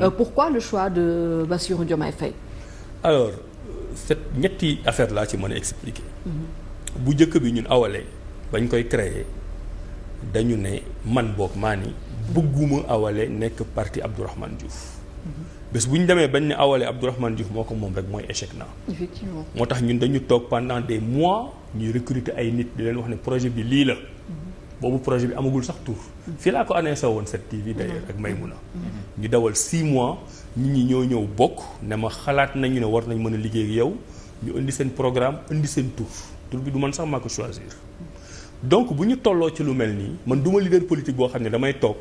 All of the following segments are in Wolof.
Euh, pourquoi le choix de Bassirou Diomaye Faye alors cette ñetti affaire laa ci mën a mhm. bu njëkk bi ñun awale bañ koy créer dañu ne man boog maa ni bëgguma awale nekk parti Abdourahmane Diouf. Mhm. bés bu ñu demee bañ ne awale Abdourahmane Diouf moo ko moom rek mooy échec na moo tax ñun dañu toog pendant des mois ñuy recruter ay nit di leen wax ne projet bi lii la. Mhm. boobu projet bi amagul sax tour fii laa ko annoncé woon cette TV d'ailleurs ak Maymuna ñu dawal 6 mois ñu ñi ñoo ñëw bokk ne ma xalaat nañu ne war nañ mën a liggéey yow ñu indi seen programme indi seen tour tour bi du man sax maa ko choisir donc bu ñu tolloo ci lu mel nii man du ma leader politique boo xam ne damay toog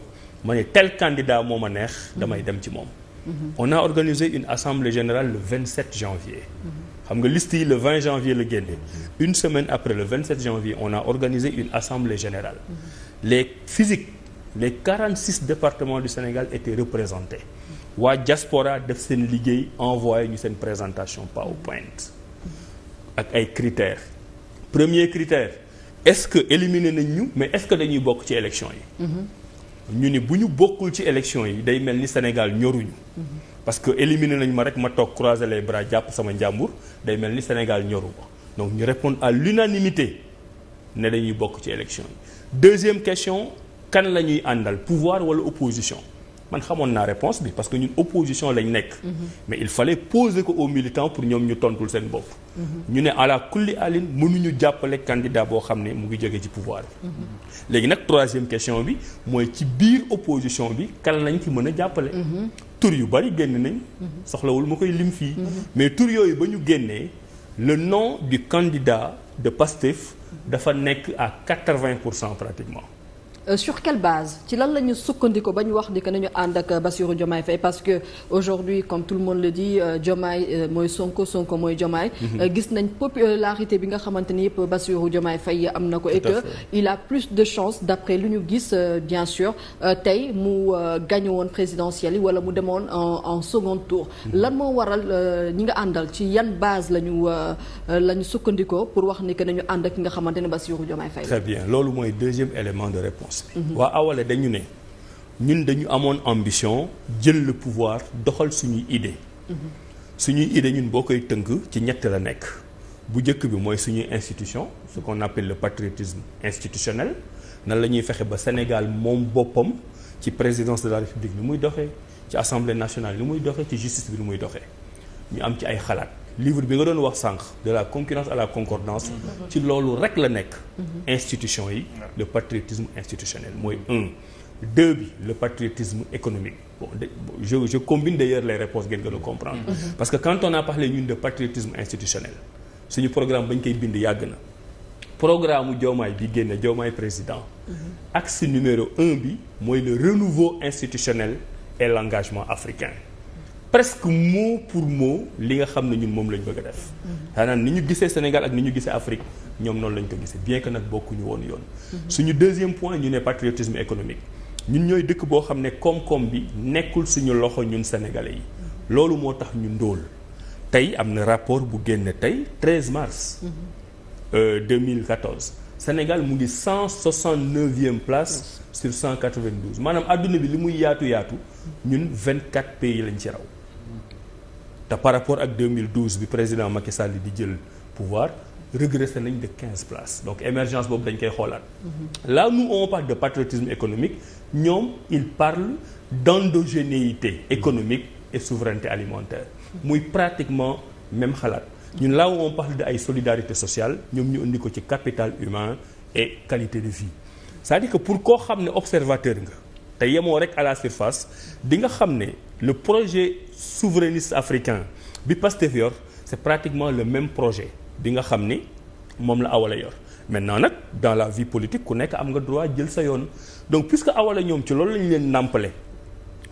ma ne tel candidat moo ma neex damay dem ci moom mhm. on a organiser une assemblée générale le 27 janvier mhm. xam nga liste yi le 20 janvier la génne mm-hmm. une semaine après le 27 janvier on a organisé une assemblée générale mm-hmm. les physiques les 46 départements du Sénégal étaient représentés mm-hmm. waa jaspora def seen liggéey envoyé ñu seen présentation PowerPoint ak ay critères premier critère est-ce que éliminer nañ ñu mais est-ce que dañuy bokk ci élection yi ñu ni bu ñu bokkul ci élection yi day mel ni Sénégal ñoruñu parce que éliminer nañ ma rek ma toog croiser les bras jàpp sama njàmbur day mel ni Sénégal ñoru ma donc ñu répondre à l'unanimité ne dañuy bokk ci élection yi deuxième question kan la ñuy àndal pouvoir wala opposition man xamoon naa réponse bi parce que ñun opposition lañ nekk. Mhm. mais il fallait poser ko aux militants pour ñoom ñu tontul seen bopp. Mhm. ñu ne ala kulli alin mënuñu jàppale candidat boo xam ne mu ngi jóge ci pouvoir bi. Mhm. léegi nag troisième question bi mooy ci biir opposition bi kan nañ ci mën a jàppale. tur yu bari génn nañ. soxlawul ma koy lim fii. mais tur yooyu ba ñu génnee le nom du candidat de Pastef dafa nekk à quatre-vingt pour cent pratiquement. Euh, sur quelle base ci lan la ñu sukkandiku ba ñu wax ni que nañu ànd ak Bassirou Diomaye Faye parce que aujourd'hui comme tout le monde le dit euh, Diomaye euh, mooy Sonko Sonko mooy Diomaye mhm. gis nañ popularité bi nga xamante ni yëpp Bassirou Diomaye Faye am na ko et que il a plus de chance d'après lu ñu gis bien sûr tey mu gagné woon présidentielle yi wala mu demoon un second tour mhm. lan moo waral ñi nga àndal ci yan base la ñu la ñu sukkandikoo pour wax ni que nañu ànd ak ki nga xamante ne Bassirou Diomaye loolu mooy deuxième élément de waa awale dañu ne ñun dañu amoon ambition jël le pouvoir doxal suñuy idée suñuy idée ñun boo koy tënk ci ñett la nekk bu njëkk bi mooy suñuy institution ce qu'on appelle le patriotisme institutionnel nan la ñuy fexe ba Sénégal moom boppam ci présidence de la République ni muy doxee ci assemblée nationale ni muy doxe ci justice bi ni muy doxee ñu am ci ay xalaat livre bi nga doon wax sànq de la concurrence à la concordance ci loolu rek la nekk institution yi le patriotisme institutionnel mooy un deux bi le patriotisme économique bon je je combine d'ailleurs les réponses ngeen gën a comprendre parce que quand on a parlé ñun de patriotisme institutionnel suñu programme bañ koy bind yàgg na programme Diomaye bi génne Diomaye président axe numéro un bi mooy le renouveau institutionnel et l'engagement africain presque mot pour mot li nga xam ne ñun moom lañ bëgg a def. maanaam ni ñu gisee Sénégal ak ni ñu gisee Afrique ñoom noonu lañ ko gisee bien que nag bokkuñu woon yoon. Mhm. suñu deuxième point ñu ne patriotisme économique ñun ñooy dëkk boo xam ne koom-koom bi nekkul suñu loxo ñun sénégalais yi. Mhm. loolu moo tax ñu ndóol tey am na rapport bu génn tey 13 mars. Mhm. Euh, 2014 Sénégal mu ngi 169e place. sur 192 maanaam àdduna bi li muy yaatu yaatu ñun 24 pays lañ ci raw. te par rapport ak 2012 bi président Macky Sall di jël pouvoir régressé nañ de 15 places donc émergence boobu dañ koy xoolaat. Mhm. là nous on parle de patriotisme économique ñoom ils parlent d'endogénéité économique mhm. et souveraineté alimentaire. muy pratiquement même xalaat. ñun là on parle de ay solidarité sociale ñoom ñu indi ko ci capital humain et qualité de vie c'est-à-dire que pour koo xam ne observateur nga. te yemoo rek à la surface di nga xam ne le projet souverainiste africain bi Pastef yor c'est pratiquement le même projet bi nga xam ni moom la Awala yor maintenant nag dans la vie politique ku nekk am nga droit jël sa yoon donc puisque Awala ñoom ci loolu lañu leen nàmpale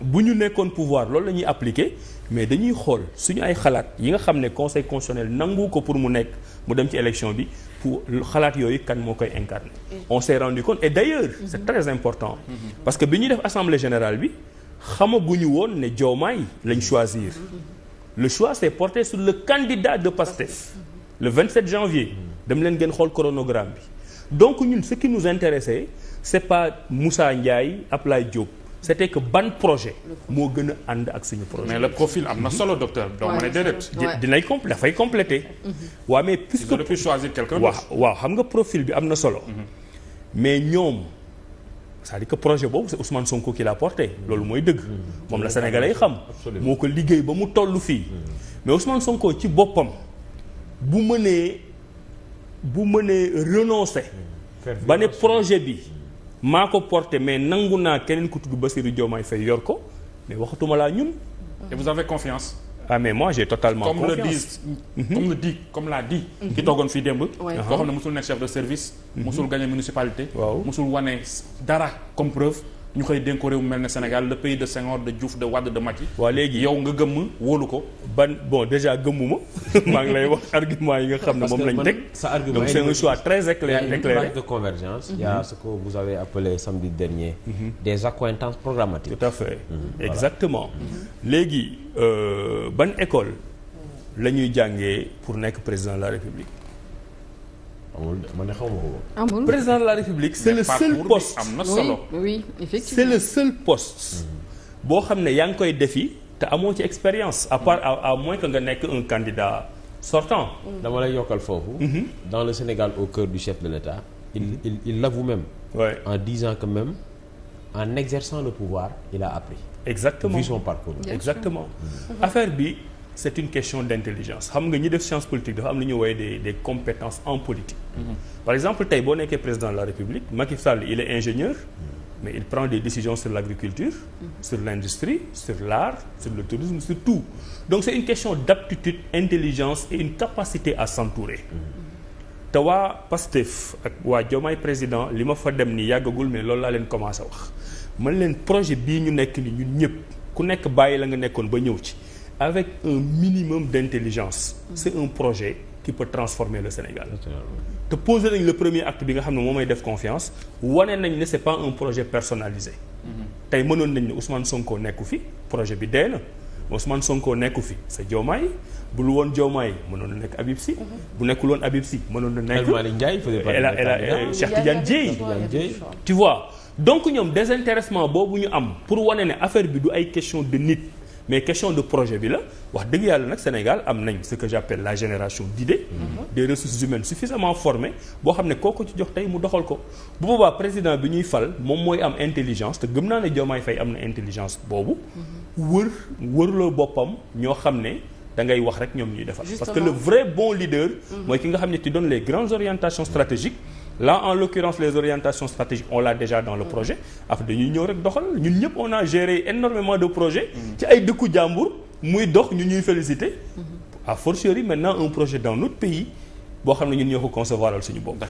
bu ñu nekkoon pouvoir loolu la ñuy appliquer mais dañuy xool suñu ay xalaat yi nga xam ne conseil constitutionnel nangu ko pour mu nekk mu dem ci élection bi pour xalaat yooyu kan moo koy incarner. Mm-hmm. on s'est rendu compte et d'ailleurs mm-hmm. c'est très important mm-hmm. parce que bi ñuy def assemblée générale bi xamaguñu woon ne Diomaye lañ choisir le choix s'est porté sur le candidat de Pastef le 27 janvier dem leen ngeen xool chronogramme bi donc ñun ce qui nous intéressait c'est pas Moussa Ndiaye Ablaye Diop c'était que ban projet moo gën a ànd ak suñu projet. mais le profil am na solo docteur. donc ma ne déedéet. dinañ compl dafay complété. waaw mm-hmm. mais puisque ils auraient waaw waaw xam nga profil bi am na solo. Mm-hmm. mais ñoom cest à projet boobu c'est Ousmane Sonko qui l'a porté loolu mooy dëgg. moom la Sénégalais yi xam. moo ko liggéey ba mu tollu fii. Mm-hmm. mais Ousmane Sonko ci boppam bu mënee bu mënee renoncer. Mm. ba ne projet bi. maa ko porte mais nangu naa keneen ku tudd Bassirou Diomaye Faye yor ko mais waxatuma laa ñun. et vous avez confiance. ah mais moi j'ai totalement comme confiance. Mhm. le disent, mm -hmm. comme comme l'a di mhm. ki toogoon fii démb. koo xam ne mosul nekk chef de service. mosul mhm. gagné municipalité. waaw mosul wane dara comme preuve. ñu koy dénko réew mu mel ne Sénégal le pays de Senghor de Diouf de Wade de Macky. waaw léegi yow nga gëmm wóolu ko. ban bon déjà gëmmuma maa ngi lay wax argument yi nga xam ne moom lañ teg. sa argument donc c'est un choix très éclairé. il a une marge de convergence. il mm-hmm. mm-hmm. des accointances programmatiques. tout à fait mm-hmm. exactement. léegi euh, ban école la ñuy jàngee pour nekk président de la République. amul man de xaw ma ko. amul président de la république. c'est le seul poste mm. boo xam ne yaa ngi koy defi te amoo ci expérience. à part à moins que nga nekk un candidat sortant. Mm. dama lay yokkal foofu. Mm-hmm. dans le Sénégal au cœur du chef de l'État. il mm-hmm. il il l'avoue même. Ouais. en disant que même en exerçant le pouvoir il a appris. exactement vu parcours. exactement mm. affaire bi. c'est une question d'intelligence xam nga ñi def science politique dafa am lu ñuy wooye des des compétences en politique mm-hmm. par exemple tey boo nekkee président de la République Macky Sall il est ingénieur mm-hmm. mais il prend des décisions sur l'agriculture mm-hmm. sur l'industrie sur l'art sur le tourisme sur tout donc c'est une question d'aptitude intelligence et une capacité à s'entourer te waa PASTEF ak waa Diomaye président li ma fa dem ni yàggagul mais loolu laa leen commencé wax man leen projet bii ñu nekk ni ñëpp ku nekk bàyyi la nga nekkoon ba ñëw ci avec un minimum d'intelligence c'est un projet qui peut transformer le Sénégal te poser nañ le premier acte bi nga xam ne moom may def confiance wane nañ ne c'est pas un projet personnalisé tey mënoon nañ ne Ousmane sonkoo nekku fi projet bi dee na Ousmane sonkoo nekku fi sa Diomaye bu lu woon Diomaye mënoon na nekk Habib Sy bu nekkul woon Habib Sy mënoon na nekk El Malick Ndiaye Cheikh Tidiane Dièye tu vois donc ñoom désintéressement boobu ñu am pour wane ne affaire bi du ay question de nit mais question de projet bi la wax dëgg yàlla nag Sénégal am nañ ce que j'appelle la génération di d'idées mhm. des ressources humaines suffisamment formé boo xam ne koo ko ci jox tey mu doxal ko bu boobaa président bi ñuy fal moom mooy am intelligence te gëm naa ne Diomaye fay am na intelligence boobu mhm. wër loo boppam ñoo xam ne da ngay wax rek ñoom ñuy defar parce que le vrai bon leader mm-hmm. mooy ki nga xam ne tu donnes les grandes orientations stratégiques là en l'occurrence les orientations stratégiques on l'a déjà dans le mm-hmm. projet af dañuy ñëw rek doxal ñun ñëpp on a géré énormément de projet mm-hmm. ci ay dëkku jàmbur muy dox ñu ñuy félicité à fortiori maintenant un projet dans notre pays boo xam ne ñun ñoo ko concevoiral suñu bopp